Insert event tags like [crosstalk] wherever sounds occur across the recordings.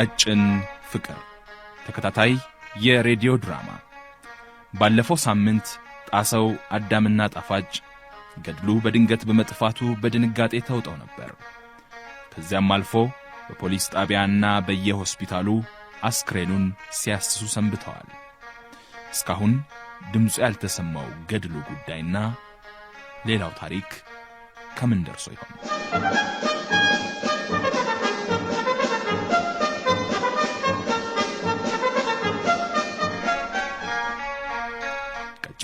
ቀጭን ፍቅር ተከታታይ የሬዲዮ ድራማ። ባለፈው ሳምንት ጣሰው አዳምና ጣፋጭ ገድሉ በድንገት በመጥፋቱ በድንጋጤ ተውጠው ነበር። ከዚያም አልፎ በፖሊስ ጣቢያና በየሆስፒታሉ አስክሬኑን ሲያስሱ ሰንብተዋል። እስካሁን ድምፁ ያልተሰማው ገድሉ ጉዳይና ሌላው ታሪክ ከምን ደርሶ ይሆን?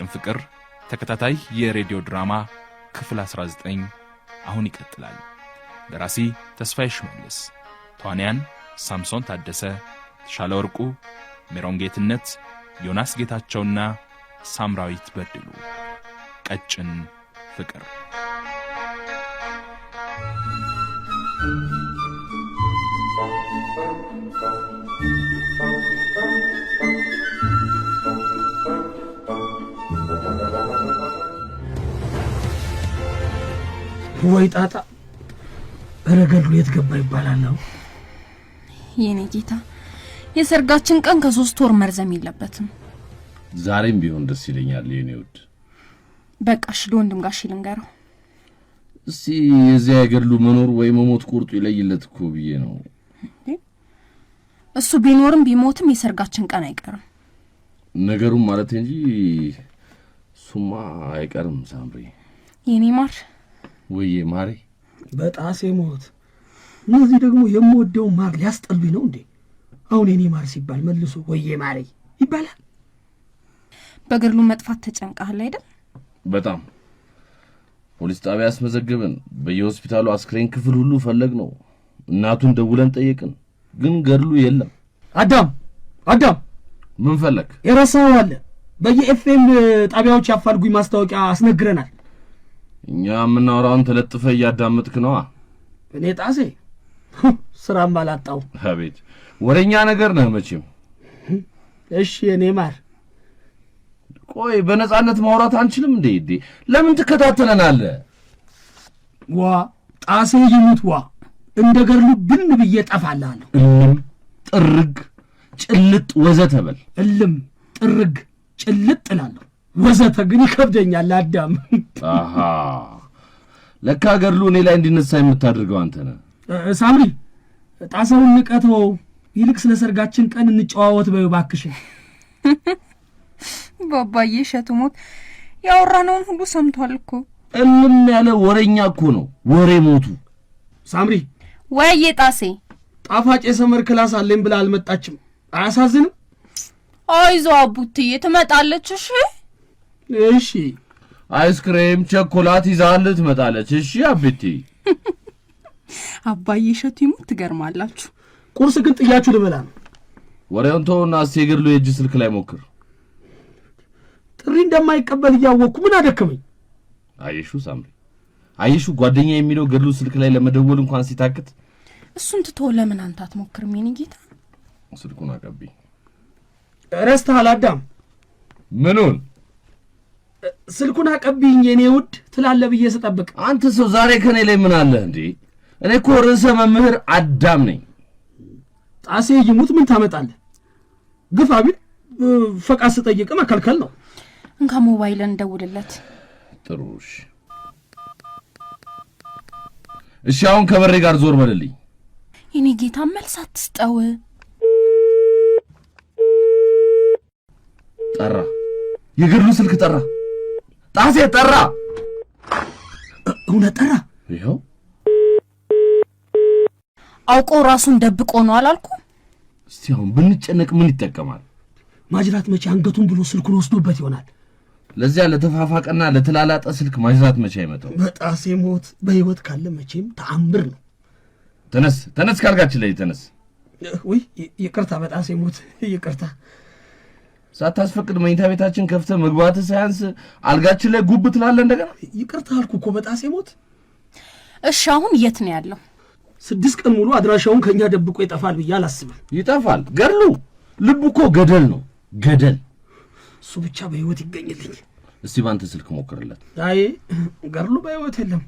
የሀገራችን ፍቅር ተከታታይ የሬዲዮ ድራማ ክፍል 19 አሁን ይቀጥላል። ደራሲ ተስፋዬ ሽመልስ፣ ተዋንያን ሳምሶን ታደሰ፣ ተሻለ ወርቁ፣ ሜሮን ጌትነት፣ ዮናስ ጌታቸውና ሳምራዊት በድሉ። ቀጭን ፍቅር ወይ ጣጣ! እረ ገድሉ የት ገባ ይባላል ነው። የኔ ጌታ የሰርጋችን ቀን ከሶስት ወር መርዘም የለበትም። ዛሬም ቢሆን ደስ ይለኛል የኔ ውድ። በቃ እሺ፣ ለወንድም ጋሽ ልንገረው እስቲ። የዚያ የገድሉ መኖር ወይ መሞት ቁርጡ ይለይለት እኮ ብዬ ነው። እሱ ቢኖርም ቢሞትም የሰርጋችን ቀን አይቀርም። ነገሩም ማለት እንጂ እሱማ አይቀርም። ሳምሪ የኔ ማር ውዬ ማሬ በጣሴ ሞት እነዚህ ደግሞ የምወደው ማር ሊያስጠሉኝ ነው እንዴ? አሁን የኔ ማር ሲባል መልሶ ወዬ ማሬ ይባላል። በግርሉ መጥፋት ተጨንቃህል አይደል? በጣም ፖሊስ ጣቢያ ያስመዘግብን፣ በየሆስፒታሉ አስክሬን ክፍል ሁሉ ፈለግ ነው። እናቱን ደውለን ጠየቅን፣ ግን ገድሉ የለም። አዳም አዳም፣ ምን ፈለግ? የረሳኸው አለ። በየኤፍኤም ጣቢያዎች ያፋልጉኝ ማስታወቂያ አስነግረናል። እኛ የምናወራውን ተለጥፈ እያዳመጥክ ነዋ። እኔ ጣሴ [laughs] ስራም አላጣው። አቤት ወደኛ ነገር ነህ መቼም። እሺ እኔ ማር፣ ቆይ በነጻነት ማውራት አንችልም እንዴ? ዴ ለምን ትከታተለናለህ? ዋ ጣሴ ይሙት ዋ እንደ ገርሉ ብን ብዬ ጠፋላለሁ። እልም ጥርግ ጭልጥ ወዘተ በል። እልም ጥርግ ጭልጥ እላለሁ፣ ወዘተ ግን ይከብደኛል አዳም አሃ ለካ ገድሉ እኔ ላይ እንዲነሳ የምታደርገው አንተ ነህ። ሳምሪ ጣሰውን ንቀተው፣ ይልቅ ስለ ሰርጋችን ቀን እንጨዋወት በይው እባክሽን። [laughs] ባባዬ እሸቱ ሞት ያወራነውን ሁሉ ሰምቷል እኮ። ያለ ወሬኛ እኮ ነው ወሬ ሞቱ። ሳምሪ ወዬ ጣሴ፣ ጣፋጭ የሰመር ክላስ አለኝ ብላ አልመጣችም። አያሳዝንም? አይዞ አቡትዬ ትመጣለች። እሺ እሺ አይስክሬም፣ ቸኮላት ይዛል ትመጣለች። እሺ አቤቴ። [laughs] አባዬ እሸቱ ይሙት ትገርማላችሁ። ቁርስ ግን ጥያችሁ ልበላ ነው። ወሬውን ተውና እስቲ የግርሉ የእጅ ስልክ ላይ ሞክር። ጥሪ እንደማይቀበል እያወቅኩ ምን አደከመኝ። አየሹ ሳምሪ፣ አየሹ ጓደኛ የሚለው ገድሉ ስልክ ላይ ለመደወል እንኳን ሲታክት እሱን ትቶ ለምን አንተ አትሞክርም? የኔ ጌታ ስልኩን አቀብኝ። ረስተሃል አዳም። ምኑን ስልኩን አቀብኝ የኔ ውድ ትላለ ብዬ ስጠብቅ፣ አንተ ሰው ዛሬ ከኔ ላይ ምን አለ እንዴ? እኔ እኮ ርዕሰ መምህር አዳም ነኝ። ጣሴ ይሙት ምን ታመጣለህ? ግፋ ቢል ፈቃድ ስጠይቅ መከልከል ነው። እንካ ሞባይልን እንደውልለት። ጥሩሽ። እሺ፣ አሁን ከበሬ ጋር ዞር በልልኝ። የኔ ጌታ መልስ አትስጠው። ጠራ፣ የግሉ ስልክ ጠራ። ጣሴ ጠራ። እውነት ጠራ። ይኸው አውቆ ራሱን ደብቆ ነው አላልኩ? እስቲ አሁን ብንጨነቅ ምን ይጠቀማል? ማጅራት መቼ አንገቱን ብሎ ስልኩን ወስዶበት ይሆናል። ለዚያ ለተፋፋቀና ለተላላጠ ስልክ ማጅራት መቼ አይመጣው። በጣሴ ሞት በህይወት ካለ መቼም ተአምር ነው። ተነስ ተነስ፣ ካልጋችን ላይ ተነስ። ውይ ይቅርታ፣ በጣሴ ሞት ይቅርታ። ሳታስፈቅድ መኝታ ቤታችን ከፍተ መግባት ሳያንስ አልጋችን ላይ ጉብ ትላለ እንደገና ይቅርታ አልኩ እኮ በጣሴ ሞት። እሺ አሁን የት ነው ያለው? ስድስት ቀን ሙሉ አድራሻውን ከእኛ ደብቆ ይጠፋል ብዬ አላስብም። ይጠፋል። ገድሉ ልቡ እኮ ገደል ነው ገደል። እሱ ብቻ በህይወት ይገኝልኝ። እስቲ ባንተ ስልክ ሞክርለት። አይ ገድሉ በህይወት የለም።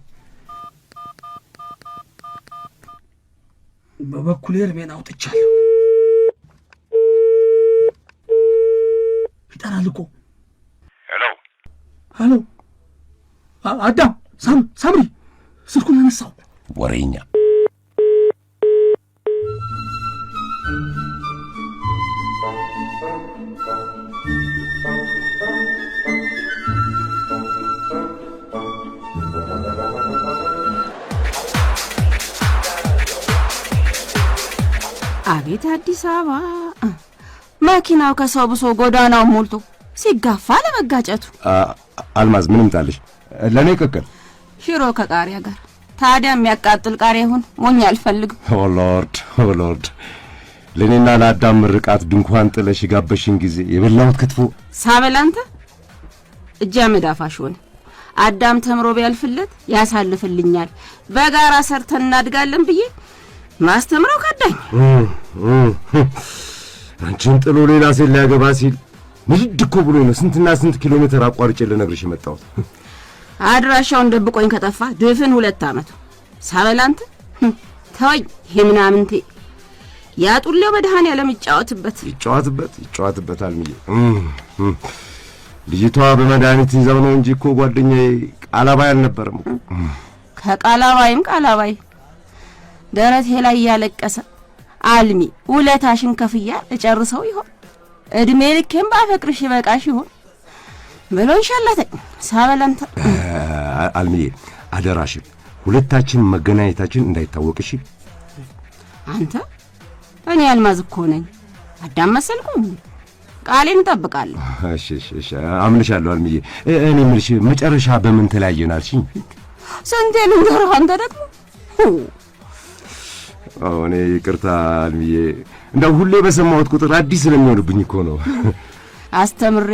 በበኩሌ እርሜን አውጥቻለሁ። ይጠራል እኮ። ሄሎ ሄሎ፣ አዳም ሳም ሳምሪ፣ ስልኩን አነሳው። ወሬኛ አቤት አዲስ አበባ መኪናው ከሰው ብሶ ጎዳናውን ሞልቶ ሲጋፋ ለመጋጨቱ። አልማዝ ምን እምጣልሽ? ለእኔ ቅቅል ሽሮ ከቃሪያ ጋር። ታዲያ የሚያቃጥል ቃሪያ ይሁን፣ ሞኝ አልፈልግም። ኦሎርድ ኦሎርድ፣ ለእኔና ለአዳም ምርቃት ድንኳን ጥለሽ የጋበሽን ጊዜ የበላሁት ክትፎ ሳበል። አንተ እጃ መዳፋሽ ሆነ። አዳም ተምሮ ቢያልፍለት ያሳልፍልኛል፣ በጋራ ሰርተን እናድጋለን ብዬ ማስተምረው ከዳኝ አንቺን ጥሎ ሌላ ሴት ሊያገባ ሲል ምድድ እኮ ብሎ ነው ስንትና ስንት ኪሎ ሜትር አቋርጬ ልነግርሽ የመጣሁት። አድራሻውን ደብቆኝ ከጠፋ ድፍን ሁለት ዓመቱ ሳበላንት አንተ ተወኝ። ይሄ ምናምንቴ ያጡሌው መድኃኔዓለም ይጫወትበት ይጫወትበት ይጫወትበት። አልምዬ ልጅቷ በመድኃኒት ይዛው ነው እንጂ እኮ ጓደኛዬ ቃላባይ አልነበረም። ከቃላባይም ቃላባይ ደረቴ ላይ እያለቀሰ አልሚ ውለታሽን ከፍያ እጨርሰው ይሆን? እድሜ ልኬን ባፈቅርሽ ይበቃሽ ይሆን ብሎ ይሻለተኝ ሳበለምታ አልሚዬ፣ አደራሽን ሁለታችን መገናኘታችን እንዳይታወቅሽ። አንተ እኔ አልማዝ እኮ ነኝ። አዳም መሰልኩ ቃሌን እጠብቃለሁ። እሺ እሺ፣ አምንሻለሁ አልሚዬ። እኔ የምልሽ መጨረሻ በምን ተለያየን አልሽኝ? ስንቴ ልንገርህ አንተ ደግሞ እኔ ይቅርታ አልምዬ፣ እንደው ሁሌ በሰማሁት ቁጥር አዲስ ስለሚሆንብኝ እኮ ነው። [laughs] አስተምሬ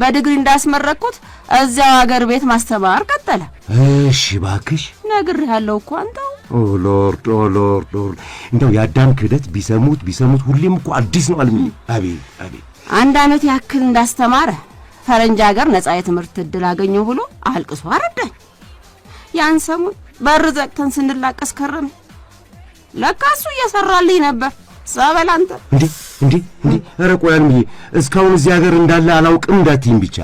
በድግሪ እንዳስመረቅኩት እዚያው አገር ቤት ማስተማር ቀጠለ። እሺ እባክሽ፣ ነግሬሃለሁ እኮ አንተው። ኦ ሎርድ፣ ኦ ሎርድ፣ ሎርድ እንደው የአዳም ክህደት ቢሰሙት ቢሰሙት ሁሌም እኮ አዲስ ነው አልምዬ። አቤት፣ አቤት። አንድ አመት ያክል እንዳስተማረ ፈረንጅ ሀገር ነጻ የትምህርት እድል አገኘሁ ብሎ አልቅሶ አረዳኝ። ያን ሰሙን በር ዘግተን ስንላቀስ ከረምን። ለካ እሱ እየሰራልኝ ነበር። ጸበል አንተ እንዴ እንዴ እንዴ! ኧረ ቆይ አልምዬ፣ እስካሁን እዚህ ሀገር እንዳለ አላውቅም እንዳትይም ብቻ።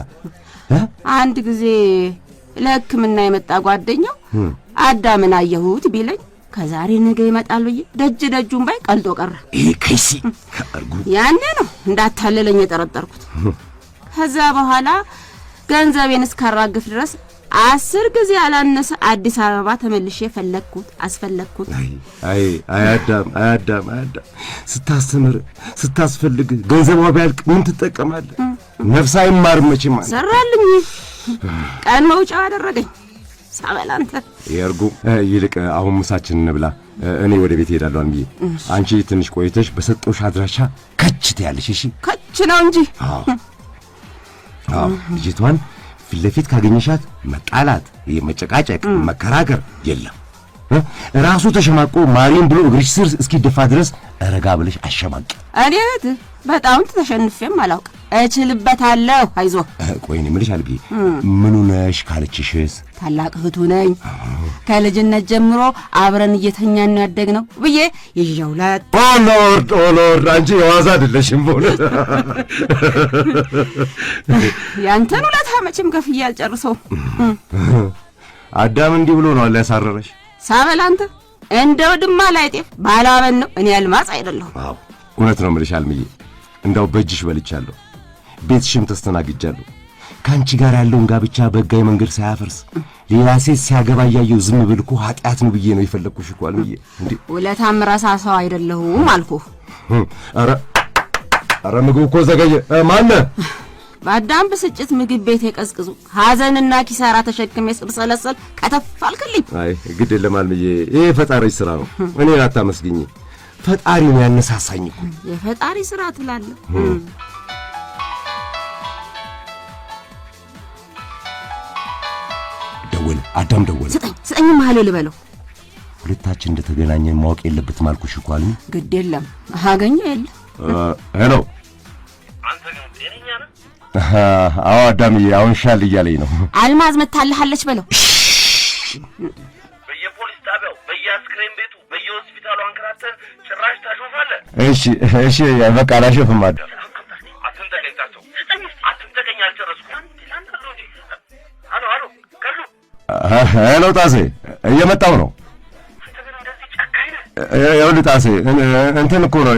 አንድ ጊዜ ለሕክምና የመጣ ጓደኛው አዳምን አየሁት ቢለኝ ከዛሬ ነገ ይመጣል ብዬ ደጅ ደጁን ባይ ቀልጦ ቀረ። ይሄ ከይሲ ያኔ ነው እንዳታለለኝ የጠረጠርኩት። ከዛ በኋላ ገንዘቤን እስካራግፍ ድረስ አስር ጊዜ ያላነሰ አዲስ አበባ ተመልሼ ፈለግኩት አስፈለግኩት። አይ አያዳም አያዳም አያዳም ስታስተምር ስታስፈልግ ገንዘቧ ቢያልቅ ምን ትጠቀማለ? ነፍስ አይማርም መቼም። ሰራልኝ ቀን መውጫው አደረገኝ ሳበላ አንተ የእርጉ ይልቅ አሁን ምሳችን እንብላ፣ እኔ ወደ ቤት እሄዳለሁ። አንብዬ አንቺ ትንሽ ቆይተሽ በሰጠሁሽ አድራሻ ከች ትያለሽ። እሺ ከች ነው እንጂ አዎ አዎ ልጅቷን ፊት ለፊት ካገኘሻት መጣላት፣ መጨቃጨቅ፣ መከራከር የለም። ራሱ ተሸማቆ ማሪን ብሎ እግርሽ ስር እስኪደፋ ድረስ ረጋ ብለሽ አሸማቂ። እኔት በጣም ተሸንፌም አላውቅ። እችልበታለሁ፣ አይዞ። ቆይን የምልሽ አልቢ ምኑ ነሽ ካለችሽስ? ታላቅ እህቱ ነኝ። ከልጅነት ጀምሮ አብረን እየተኛን ነው ያደግ ነው ብዬ ይዣውላት። ኦሎርድ ኦሎርድ፣ አንቺ የዋዛ አይደለሽም ሆነ ያንተን ውለታ መቼም ከፍዬ አልጨርሰውም። አዳም እንዲህ ብሎ ነው አለ ያሳረረሽ ሳበል አንተ እንደ ውድማ ላይ ጤፍ ነው እኔ አልማዝ አይደለሁም። አዎ እውነት ነው የምልሽ አልምዬ፣ እንዳው በእጅሽ በልቻለሁ፣ ቤትሽም ተስተናግጃለሁ። ከአንቺ ጋር ያለውን ጋብቻ በሕጋዊ መንገድ ሳያፈርስ ሌላ ሴት ሲያገባ እያየው ዝም ብል እኮ ኃጢአት ነው ብዬ ነው የፈለግኩሽ እኮ አልምዬ። እንዴ ውለታም ረሳ ሰው አይደለሁም አልኩ። ኧረ ኧረ እኮ ዘገየ። ማነህ በአዳም ብስጭት ምግብ ቤት የቀዝቅዙ ሀዘንና ኪሳራ ተሸክሜ ስብሰለሰል ከተፍ አልክልኝ። አይ ግድ ለማል ብዬ ይህ ፈጣሪ ስራ ነው። [laughs] እኔን አታመስግኝ፣ ፈጣሪ ነው ያነሳሳኝ የፈጣሪ ስራ ትላለህ። ደወለ፣ አዳም ደወለ። ስጠኝ ስጠኝ፣ መሀል ልበለው። ሁለታችን እንደተገናኘን ማወቅ የለበትም አልኩሽ እኮ አሉኝ። ግድ የለም አገኘ የለ ሄሎ አዎ አዳምዬ፣ አሁን ሻል እያለኝ ነው። አልማዝ መታልሃለች በለው። በየፖሊስ ጣቢያው፣ በየአስክሬን ቤቱ፣ በየሆስፒታሉ አንከራተን ጭራሽ ታሾፋለህ። እሺ እሺ፣ በቃ አላሾፍም። አዳ አትንጠቀኝ፣ ታቸው አትንጠቀኝ፣ አልጨረስኩም። ሄሎ ሄሎ፣ ጣሴ እየመጣሁ ነው ይኸውልህ ጣሴ እንትን እኮ ነው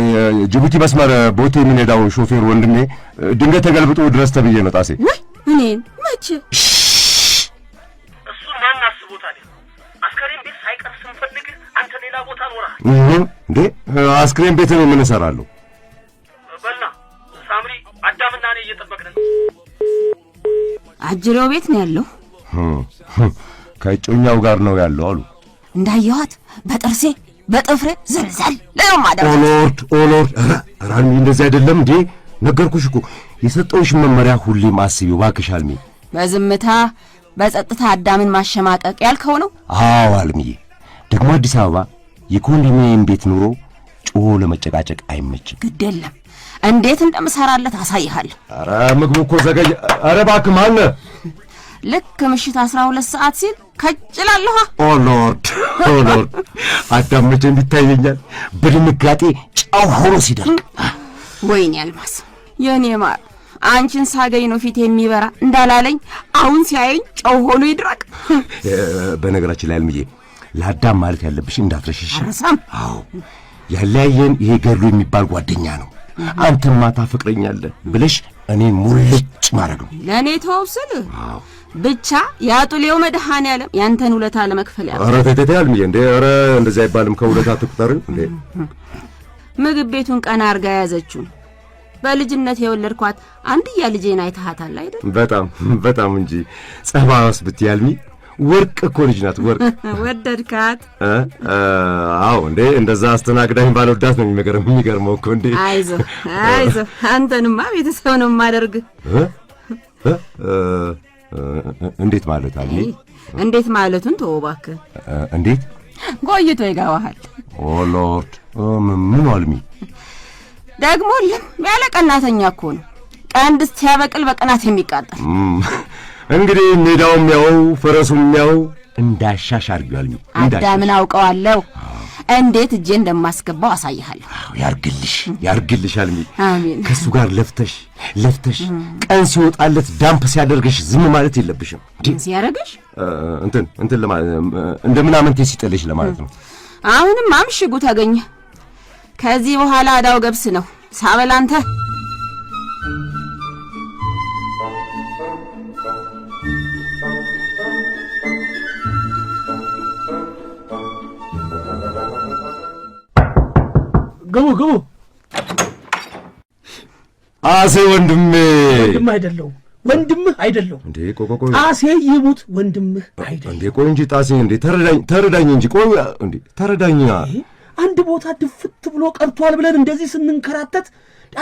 ጅቡቲ መስመር ቦቴ የምንሄዳው ሾፌር ወንድሜ ድንገት ተገልብጦ ድረስ ተብዬ ነው። ጣሴ እኔን መቼ እሱ ማን አስቦታል? አስከሬን ቤት ሳይቀር ስንፈልግ አንተ ሌላ ቦታ ኖረሃል እንዴ? አስክሬን ቤት ነው የምንሰራለሁ። በላ ሳምሪ፣ አዳምና እኔ እየጠበቅን አጅሬው ቤት ነው ያለው። ከእጮኛው ጋር ነው ያለው አሉ እንዳየኋት በጥርሴ በጥፍር ዘልዘል ለማዳ ኦሎርድ ኦሎርድ ኧረ አልሚ እንደዚህ አይደለም እንዴ ነገርኩሽ እኮ የሰጠውሽ መመሪያ ሁሌም አስቢው እባክሽ አልሚ በዝምታ በጸጥታ አዳምን ማሸማቀቅ ያልከው ነው አዎ አልሚ ደግሞ አዲስ አበባ የኮንዶሚኒየም ቤት ኑሮ ጮሆ ለመጨቃጨቅ አይመችም ግድ የለም እንዴት እንደምሰራለት አሳይሃለሁ ኧረ ምግቡ እኮ ዘገየ ኧረ እባክህ ማነ ልክ ምሽት አስራ ሁለት ሰዓት ሲል ከጭላለሁ። ኦ ሎርድ ኦ ሎርድ አዳም መቼም ይታየኛል በድንጋጤ ጨው ሆኖ ሲደርቅ። ወይኔ አልማስ የኔ ማር አንቺን ሳገኝ ነው ፊት የሚበራ እንዳላለኝ አሁን ሲያየኝ ጨው ሆኖ ይድረቅ። በነገራችን ላይ አልምዬ ለአዳም ማለት ያለብሽ እንዳትረሽሽ። ረሳም? አዎ ያለያየን ይሄ ገድሉ የሚባል ጓደኛ ነው። አንተም ማታ ፍቅረኛ ብለሽ እኔ ሙልጭ ማድረግ ነው ለእኔ ተወው ብቻ ያጡሌው መድሃን ያለም ያንተን ውለታ ለመክፈል ያለ ኧረ ተይ ተይ አልምዬ እንዴ ኧረ እንደዚህ አይባልም ከውለታ ትቁጠር እንዴ ምግብ ቤቱን ቀና አርጋ ያዘችው በልጅነት የወለድኳት አንድያ ልጄን አይተሃታል አይደል በጣም በጣም እንጂ ጸባዋስ ብትይ አልሚ ወርቅ እኮ ልጅ ናት ወርቅ [laughs] ወደድካት አዎ እንዴ እንደዛ አስተናግዳኝ ባልወዳት ነው የሚገርም የሚገርመው እኮ እንዴ አይዞ [laughs] አይዞህ አንተንማ ቤተሰብ ነው የማደርግህ እንዴት ማለት አለ? እንዴት ማለቱን ተወው እባክህ። እንዴት ቆይቶ ይገባሃል። ኦ ሎርድ ምን አልሚ ደግሞ ያለ ቀናተኛ እኮ ነው። ቀንድ ሲያበቅል በቅናት የሚቃጠል እንግዲህ ሜዳውም ያው ፈረሱም ያው እንዳሻሽ አድርጊዋለሁ። አዳምን አውቀዋለሁ። እንዴት እጄ እንደማስገባው አሳይሃለሁ። ያርግልሽ ያርግልሽ። አልሚ ከእሱ ጋር ለፍተሽ ለፍተሽ ቀን ሲወጣለት ዳምፕ ሲያደርግሽ ዝም ማለት የለብሽም። ሲያደርግሽ እንትን እንትን እንደ ምናምንቴ ሲጥልሽ ለማለት ነው። አሁንም አምሽጉ ተገኘ። ከዚህ በኋላ አዳው ገብስ ነው ሳበላንተ ግቡ ግቡ። አሴ ወንድሜ ወንድም አይደለው ወንድምህ አይደለሁም። እንዴ ቆይ ቆይ ጣሴ ይሙት ወንድምህ አይደለሁም። እንዴ ቆይ እንጂ ጣሴ እንዴ ተረዳኝ ተረዳኝ እንጂ ቆይ እንዴ ተረዳኛ። አንድ ቦታ ድፍት ብሎ ቀርቷል ብለን እንደዚህ ስንንከራተት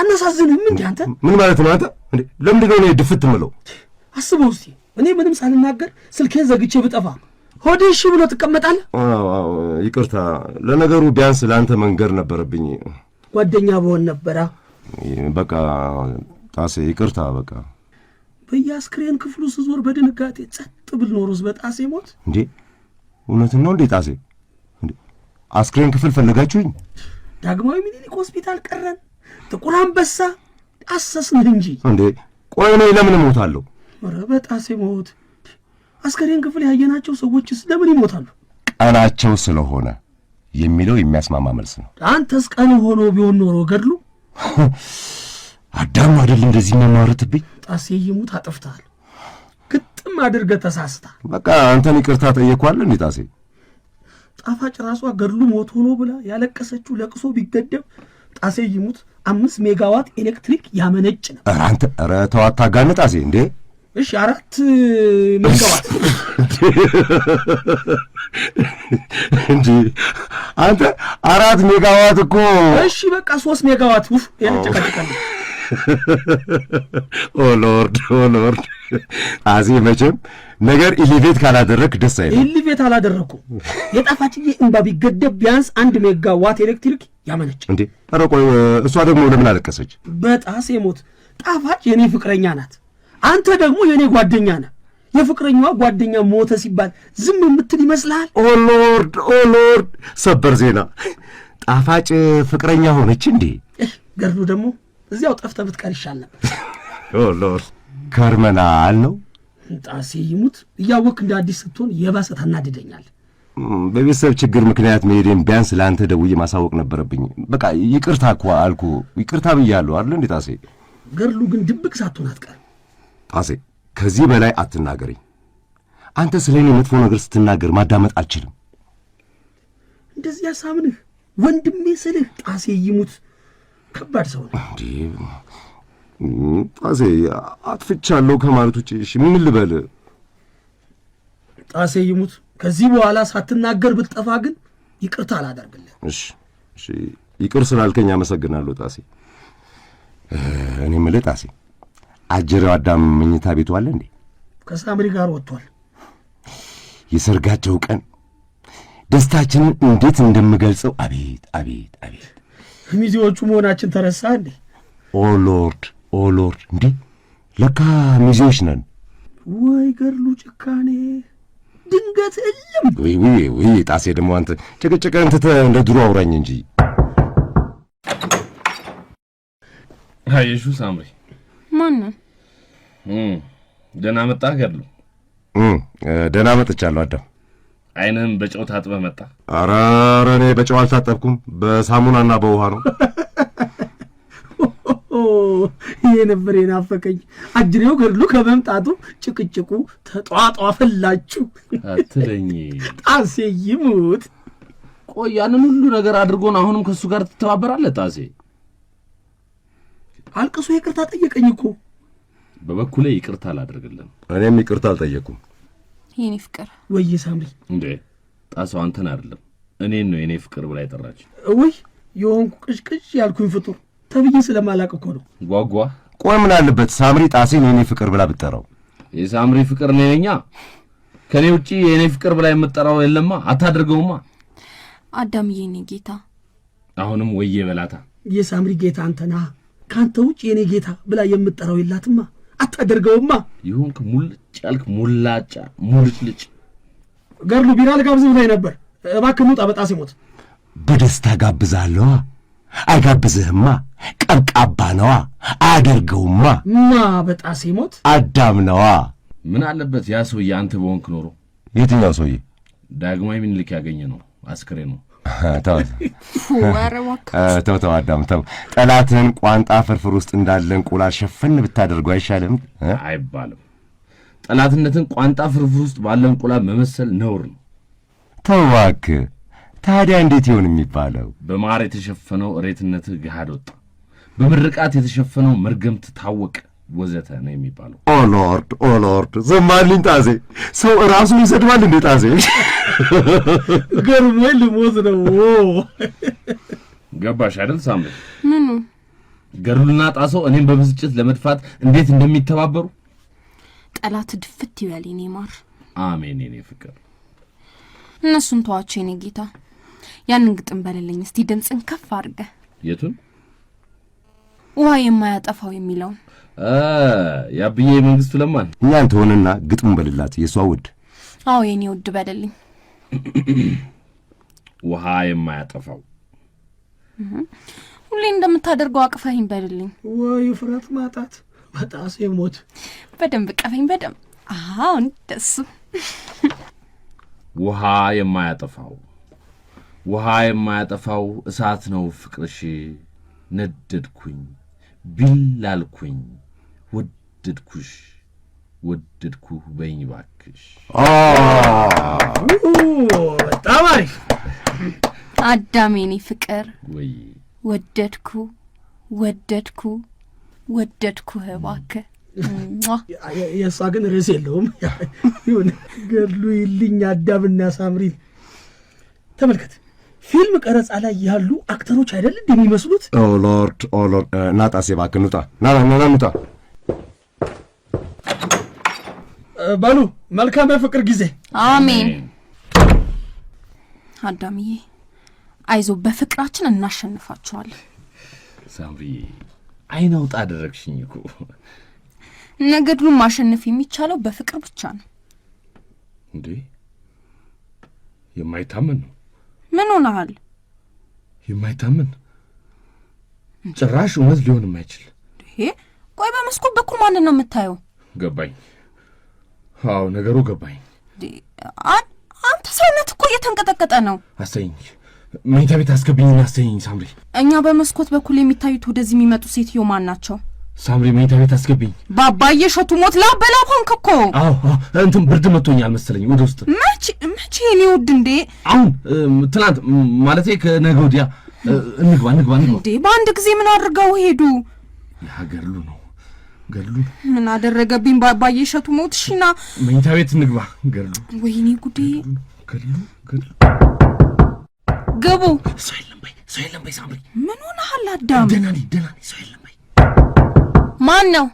አናሳዝንህም እንዴ አንተ? ምን ማለት ነው አንተ? እንዴ ለምንድን ነው እኔ ድፍት ምለው? አስበው እስቲ እኔ ምንም ሳልናገር ስልኬን ዘግቼ ብጠፋ ሆዴ እሺ ብሎ ትቀመጣለህ? ይቅርታ፣ ለነገሩ ቢያንስ ለአንተ መንገር ነበረብኝ። ጓደኛ በሆን ነበረ። በቃ ጣሴ፣ ይቅርታ። በቃ በየአስክሬን ክፍሉ ስዞር በድንጋጤ ጸጥ ብል ኖሩስ በጣሴ ሞት። እንዴ እውነትን ነው እንዴ ጣሴ? አስክሬን ክፍል ፈለጋችሁኝ? ዳግማዊ ምኒልክ ሆስፒታል ቀረን፣ ጥቁር አንበሳ አሰስን እንጂ። እንዴ ቆይ እኔ ለምን እሞታለሁ? ኧረ በጣሴ ሞት አስከሬን ክፍል ያየናቸው ሰዎችስ ለምን ይሞታሉ? ቀናቸው ስለሆነ የሚለው የሚያስማማ መልስ ነው። አንተስ ቀን ሆኖ ቢሆን ኖሮ ገድሉ [laughs] አዳም አይደል እንደዚህ የሚያማርትብኝ። ጣሴ ይሙት አጥፍታል። ግጥም አድርገ ተሳስታ። በቃ አንተን ይቅርታ ጠየኳል። እንዴ ጣሴ ጣፋጭ ራሷ ገድሉ ሞት ሆኖ ብላ ያለቀሰችው ለቅሶ ቢገደብ ጣሴ ይሙት አምስት ሜጋዋት ኤሌክትሪክ ያመነጭ ነው። ኧረ አንተ ኧረ ተው አታጋን ጣሴ እንዴ እሺ አራት መቀባት እንጂ አንተ አራት ሜጋዋት እኮ እሺ በቃ ሶስት ሜጋዋት ውፍ ያንጨቀጭቀል ኦ ሎርድ ኦ ሎርድ አዜ መቼም ነገር ኢሊቬት ካላደረግ ደስ አይልም። ኢሊቬት አላደረግኩ የጣፋጭዬ እንባ ቢገደብ ቢያንስ አንድ ሜጋዋት ኤሌክትሪክ ያመነጭ እንዴ። ኧረ ቆይ እሷ ደግሞ ለምን አለቀሰች? በጣሴ ሞት ጣፋጭ የኔ ፍቅረኛ ናት። አንተ ደግሞ የእኔ ጓደኛ ነህ። የፍቅረኛዋ ጓደኛ ሞተ ሲባል ዝም የምትል ይመስልሃል? ኦ ሎርድ ኦ ሎርድ! ሰበር ዜና! ጣፋጭ ፍቅረኛ ሆነች እንዴ? ገርዱ ደግሞ እዚያው ጠፍተህ ብትቀር ይሻል ነበር። ኦ ሎርድ! ከርመናል ነው። ጣሴ ይሙት፣ እያወቅህ እንደ አዲስ ስትሆን የባሰ ታናድደኛል። በቤተሰብ ችግር ምክንያት መሄዴን ቢያንስ ለአንተ ደውዬ ማሳወቅ ነበረብኝ። በቃ ይቅርታ እኮ አልኩ። ይቅርታ ብያለሁ አለ እንዴ ጣሴ? ገርሉ ግን ድብቅ ሳትሆን አትቀር ጣሴ ከዚህ በላይ አትናገረኝ። አንተ ስለ እኔ መጥፎ ነገር ስትናገር ማዳመጥ አልችልም። እንደዚህ ያሳምንህ ወንድሜ ስልህ ጣሴ ይሙት ከባድ ሰው ነው። ጣሴ አጥፍቻለሁ ከማለት ውጭ እሺ ምን ልበል? ጣሴ ይሙት ከዚህ በኋላ ሳትናገር ብትጠፋ ግን ይቅርታ አላደርግልህ። እሺ እሺ፣ ይቅር ስላልከኝ አመሰግናለሁ ጣሴ። እኔ ምልህ ጣሴ አጀሬው አዳም መኝታ ቤቱ አለ እንዴ? ከሳምሪ ጋር ወጥቷል። የሰርጋቸው ቀን ደስታችንን እንዴት እንደምገልጸው! አቤት አቤት አቤት! ሚዜዎቹ መሆናችን ተረሳ እንዴ? ኦ ሎርድ ኦ ሎርድ! እንዴ ለካ ሚዜዎች ነን ወይ? ገድሉ ጭካኔ ድንገት እልም ወይ ወይ ወይ! ጣሴ ደግሞ አንተ ጭቅጭቅህን ትተህ እንደ ድሮ አውራኝ እንጂ። አየሹ ሳምሪ ማን ነው? ደህና መጣህ ገድሉ? ደህና መጥቻለሁ አዳም። አይንህም በጨው ታጥበህ መጣ? ኧረ ኧረ እኔ በጨው አልታጠብኩም በሳሙናና በውሃ ነው። ይሄ ነበር የናፈቀኝ። አጅሬው ገድሉ ከመምጣቱ ጭቅጭቁ ተጧጧፈላችሁ። አትለኝ ጣሴ ይሙት። ቆይ ያንን ሁሉ ነገር አድርጎን አሁንም ከእሱ ጋር ትተባበራለህ? ጣሴ አልቅሶ ይቅርታ ጠየቀኝ እኮ በበኩሌ ይቅርታ አላደርግልን። እኔም ይቅርታ አልጠየኩም። የኔ ፍቅር ወይ ሳምሪ እንዴ ጣሰው አንተን አይደለም እኔን ነው የኔ ፍቅር ብላ የጠራች። ወይ የሆንኩ ቅዥቅዥ ያልኩኝ ፍጡር ተብዬ ስለማላቅ እኮ ነው። ጓጓ ቆይ ምን አለበት ሳምሪ ጣሴን የእኔ ፍቅር ብላ ብትጠራው? የሳምሪ ፍቅር እኔ ነኝ። ከእኔ ውጪ የእኔ ፍቅር ብላ የምጠራው የለማ። አታደርገውማ አዳምዬ፣ የኔ ጌታ። አሁንም ወየ በላታ። የሳምሪ ጌታ አንተና ከአንተ ውጭ የእኔ ጌታ ብላ የምጠራው የላትማ። አታደርገውማ። ይሁንክ ሙልጭ ያልክ ሙላጫ ሙልጭልጭ። ገርሉ ቢራ ልጋብዝ ብላኝ ነበር። እባክህ ሙጣ በጣ ሲሞት በደስታ ጋብዛለዋ። አይጋብዝህማ። ቀብቃባ ነዋ። አያደርገውማ። ማ በጣ ሲሞት አዳም ነዋ። ምን አለበት ያ ሰውዬ አንተ በሆንክ ኖሮ። የትኛው ሰውዬ? ዳግማዊ ምኒልክ ያገኘ ነው አስክሬ ነው ተውተው አዳም ተው። ጠላትህን ቋንጣ ፍርፍር ውስጥ እንዳለ እንቁላል ሸፈን ብታደርገው አይሻልም? አይባልም። ጠላትነትን ቋንጣ ፍርፍር ውስጥ ባለ እንቁላል መመሰል ነውር ነው። ተው እባክህ። ታዲያ እንዴት ይሆን የሚባለው? በማር የተሸፈነው እሬትነትህ ገሃድ ወጣ፣ በምርቃት የተሸፈነው መርገምት ታወቀ። ወዘተ ነው የሚባለው። ኦሎርድ ኦሎርድ ዘማልኝ ጣሴ። ሰው ራሱ ይሰድባል እንዴ ጣሴ? ገርሞኝ ልሞት ነው። ገባሽ አይደል ሳምንት? ምኑ ገድሉና ጣሰው እኔም በብስጭት ለመድፋት እንዴት እንደሚተባበሩ ጠላት ድፍት ይበል የኔ ማር። አሜን የኔ ፍቅር። እነሱን ተዋቸው የኔ ጌታ። ያንን ግጥም በልልኝ እስቲ ድምፅን ከፍ አድርገህ። የቱን ውሃ የማያጠፋው የሚለውን ያብዬ መንግስቱ ለማን እኛን ተሆነና ግጥም በልላት የእሷ ውድ። አዎ የኔ ውድ በልልኝ። [clears throat] ውሃ የማያጠፋው ሁሌ እንደምታደርገው አቅፈኝ በልልኝ። ወይ ፍረት ማጣት በጣሴ ሞት። በደንብ ቀፈኝ በደንብ አሁን ደሱ ውሃ የማያጠፋው ውሃ የማያጠፋው እሳት ነው ፍቅርሽ። ነደድኩኝ ቢላልኩኝ ወደድኩሽ ወደድኩህ በኝ ባክሽ። በጣም አሪፍ አዳሜኔ ፍቅር ወይ ወደድኩ ወደድኩ ወደድኩህ እባክህ። የእሷ ግን ርዕስ የለውም። ሆነ ገድሉ ይልኝ አዳምና ሳምሪን ተመልከት። ፊልም ቀረጻ ላይ ያሉ አክተሮች አይደል እንደሚመስሉት። ኦ ሎርድ ኦ ሎርድ ናጣሴ እባክህ፣ ኑጣ ናጣ ናጣ፣ ኑጣ በሉ መልካም የፍቅር ጊዜ። አሜን። አዳምዬ አይዞ፣ በፍቅራችን እናሸንፋችኋለን። ሳምሪ አይን አውጣ አደረግሽኝ እኮ። ነገዱን ማሸነፍ የሚቻለው በፍቅር ብቻ ነው። እንዴ የማይታመን ነው። ምን ሆነሃል? የማይታመን ጭራሽ እውነት ሊሆን የማይችል። ቆይ በመስኮት በኩል ማንን ነው የምታየው? ገባኝ አዎ ነገሩ ገባኝ። አንተ ሰውነት እኮ እየተንቀጠቀጠ ነው። አስተኝ መኝታ ቤት አስገብኝና አስተኝ። ሳምሪ፣ እኛ በመስኮት በኩል የሚታዩት ወደዚህ የሚመጡ ሴትዮ ማን ናቸው? ሳምሪ፣ መኝታ ቤት አስገብኝ። ባባዬ ሸቱ ሞት ላበላብ ሆንክ እኮ። አዎ እንትን ብርድ መቶኛል መሰለኝ ወደ ውስጥ። መቼ መቼ? እኔ ውድ እንዴ፣ አሁን ትናንት ማለቴ ከነገ ወዲያ። እንግባ እንግባ እንግባ። እንዴ በአንድ ጊዜ ምን አድርገው ሄዱ? የሀገር ሉ ነው ገድሉ ምን አደረገብኝ? በአባዬ እሸቱ ሞት። ሽና መኝታ ቤት እንግባ። ገድሉ ወይኔ ጉዴ! ገድሉ ገድሉ፣ ግቡ። ሰው የለም በይ፣ ሰው የለም በይ። ሳምሪ ምን ሆነሃል? አዳም ደህና ነኝ፣ ደህና ነኝ። ሰው የለም በይ። ማን ነው?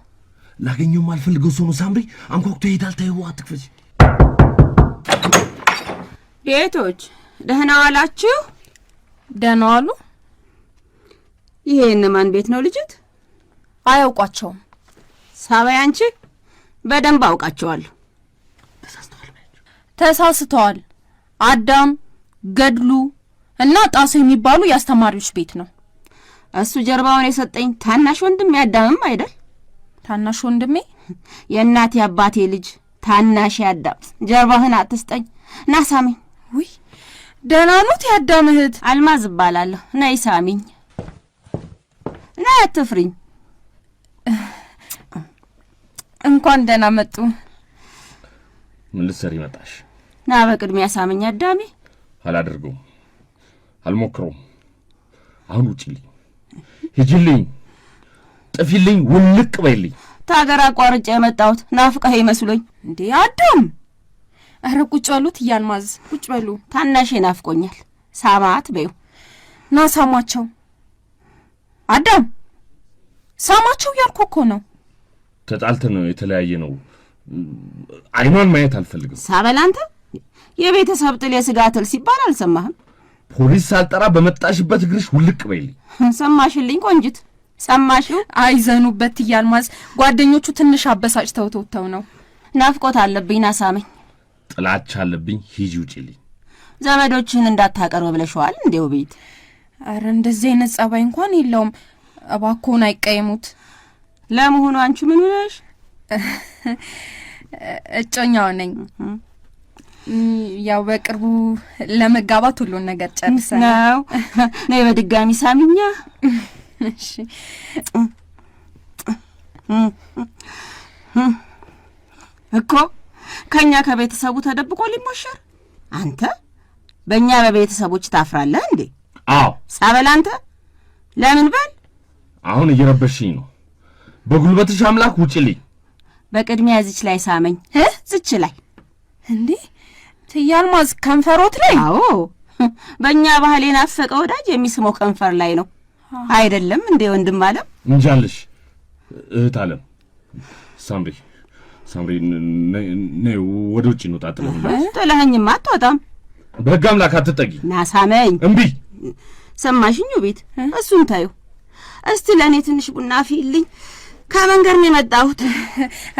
ላገኘው አልፈልገው ሰው ነው። ሳምሪ አንኳኩቶ ይሄዳል። ተይው፣ አትክፈች። ቤቶች ደህና አላችሁ? ደህና ዋሉ። ይሄ እነማን ቤት ነው? ልጅት አያውቋቸውም ሳባይ አንቺ በደንብ አውቃቸዋለሁ። ተሳስተዋል። አዳም ገድሉ እና ጣሱ የሚባሉ የአስተማሪዎች ቤት ነው። እሱ ጀርባውን የሰጠኝ ታናሽ ወንድሜ አዳምም አይደል? ታናሽ ወንድሜ [laughs] የእናቴ አባቴ ልጅ ታናሽ አዳም። ጀርባህን አትስጠኝ፣ ና ሳሚኝ። ውይ ደህና ኖት? የአዳም እህት አልማዝ እባላለሁ። ነይ ሳሚኝ፣ ና አትፍሪኝ። [laughs] እንኳን ደህና መጡ። ምን ልትሰሪ መጣሽ? ና በቅድሚያ ሳመኝ አዳሜ። አላደርገውም፣ አልሞክረውም። አሁን ውጭልኝ፣ ሂጅልኝ ጥፊልኝ፣ ውልቅ በይልኝ። ታገር አቋርጬ የመጣሁት ናፍቃህ ይመስሉኝ እንዴ? አዳም፣ ኧረ ቁጭ በሉት። እያልማዝ ቁጭ በሉ። ታናሼ ናፍቆኛል። ሳማት በይው። ና ሳሟቸው። አዳም፣ ሳማቸው እያልኩ እኮ ነው ተጣልተን የተለያየ ነው። አይኗን ማየት አልፈልግም። ሳበላ አንተ የቤተሰብ ጥል የስጋ ትል ሲባል አልሰማህም? ፖሊስ ሳልጠራ በመጣሽበት እግርሽ ውልቅ በይል። ሰማሽልኝ ቆንጅት ሰማሽ? አይዘኑበት እያልማዝ ጓደኞቹ ትንሽ አበሳጭ ተውተውተው ነው። ናፍቆት አለብኝ ናሳመኝ፣ ጥላቻ አለብኝ ሂጂ ውጪልኝ። ዘመዶችን እንዳታቀርብ ብለሽዋል እንዴው ቤት። አረ እንደዚህ አይነት ጸባይ እንኳን የለውም። እባኮን አይቀየሙት። ለመሆኑ አንቺ ምን ሆነሽ? [laughs] እጮኛው ነኝ። ያው በቅርቡ ለመጋባት ሁሉን ነገር ጨርሰ ነው። [laughs] ነው በድጋሚ ሳሚኛ። እሺ እኮ ከእኛ ከቤተሰቡ ተደብቆ ሊሞሸር አንተ በእኛ በቤተሰቦች ታፍራለህ እንዴ? አዎ ጸበል። አንተ ለምን በል አሁን እየረበሽኝ ነው በጉልበትሽ አምላክ ውጭልኝ። በቅድሚያ ዝች ላይ ሳመኝ። ዝች ላይ እንዴ? ትያልማዝ ከንፈሮት ላይ? አዎ፣ በእኛ ባህል የናፈቀ ወዳጅ የሚስመው ከንፈር ላይ ነው አይደለም እንዴ? ወንድም አለም እንጃልሽ። እህት አለም ሳምሪ፣ ሳምሪ፣ ነይ ወደ ውጭ እንውጣ። ጥለኝ ጥለኸኝማ አትወጣም። በህግ አምላክ አትጠጊ። ናሳመኝ። እምቢ። ሰማሽኝ? ቤት እሱን ታዩ እስቲ ለእኔ ትንሽ ቡና ፊልኝ ከመንገድ ነው የመጣሁት።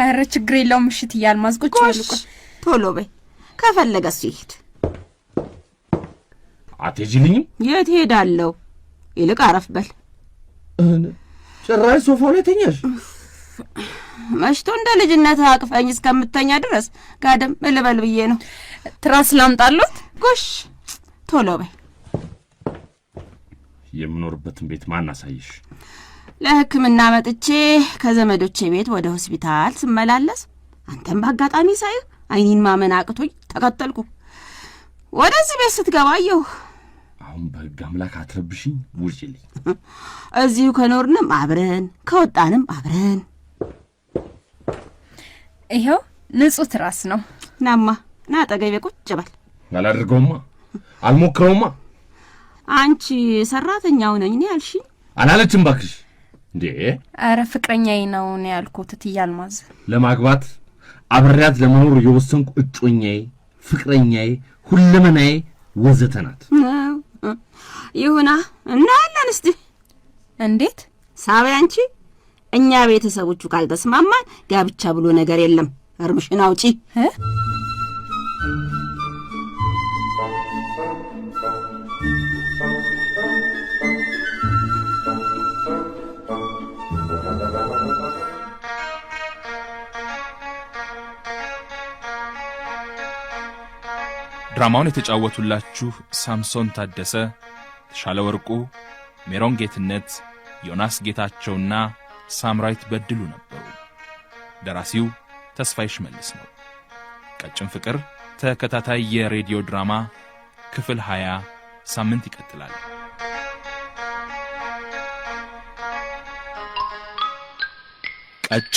ኧረ [laughs] ችግር የለውም። ምሽት እያልማዝ ቁጭ በል ቶሎ በይ። ከፈለገስ ይሄድ። አትሄጂልኝም? የት ሄዳለሁ? ይልቅ አረፍ በል። ጭራሽ ሶፋ ላይ ተኛሽ? መሽቶ እንደ ልጅነት አቅፈኝ እስከምተኛ ድረስ ጋደም እልበል ብዬ ነው። ትራስ ላምጣሎት? ጎሽ ቶሎ በይ። የምኖርበትን ቤት ማን አሳይሽ? ለሕክምና መጥቼ ከዘመዶቼ ቤት ወደ ሆስፒታል ስመላለስ አንተም በአጋጣሚ ሳይህ አይኒን ማመን አቅቶኝ ተከተልኩ። ወደዚህ ቤት ስትገባየሁ አሁን በሕግ አምላክ አትረብሽኝ፣ ውጭልኝ። [laughs] እዚሁ ከኖርንም አብረን ከወጣንም አብረን። ይኸው ንጹሕ ትራስ ነው። ናማ ና አጠገቤ ቁጭ በል። አላደርገውማ፣ አልሞክረውማ። አንቺ ሰራተኛው ነኝ እኔ ያልሽኝ አላለችም እባክሽ እንዴ አረ ፍቅረኛዬ ነው ነው ያልኩት። እትዬ አልማዝ ለማግባት አብሬያት ለመኖር የወሰንኩ እጮኛዬ፣ ፍቅረኛዬ፣ ሁለመናዬ ወዘተ ናት። ይሁና እናያለን። እስቲ እንዴት ሳቢ፣ አንቺ እኛ ቤተሰቦቹ ካልተስማማን ጋብቻ ብሎ ነገር የለም። እርምሽን አውጪ። ድራማውን የተጫወቱላችሁ ሳምሶን ታደሰ፣ ተሻለ ወርቁ፣ ሜሮን ጌትነት፣ ዮናስ ጌታቸውና ሳምራዊት በድሉ ነበሩ። ደራሲው ተስፋይ ሽመልስ ነው። ቀጭን ፍቅር ተከታታይ የሬዲዮ ድራማ ክፍል 20 ሳምንት ይቀጥላል። ቀጭን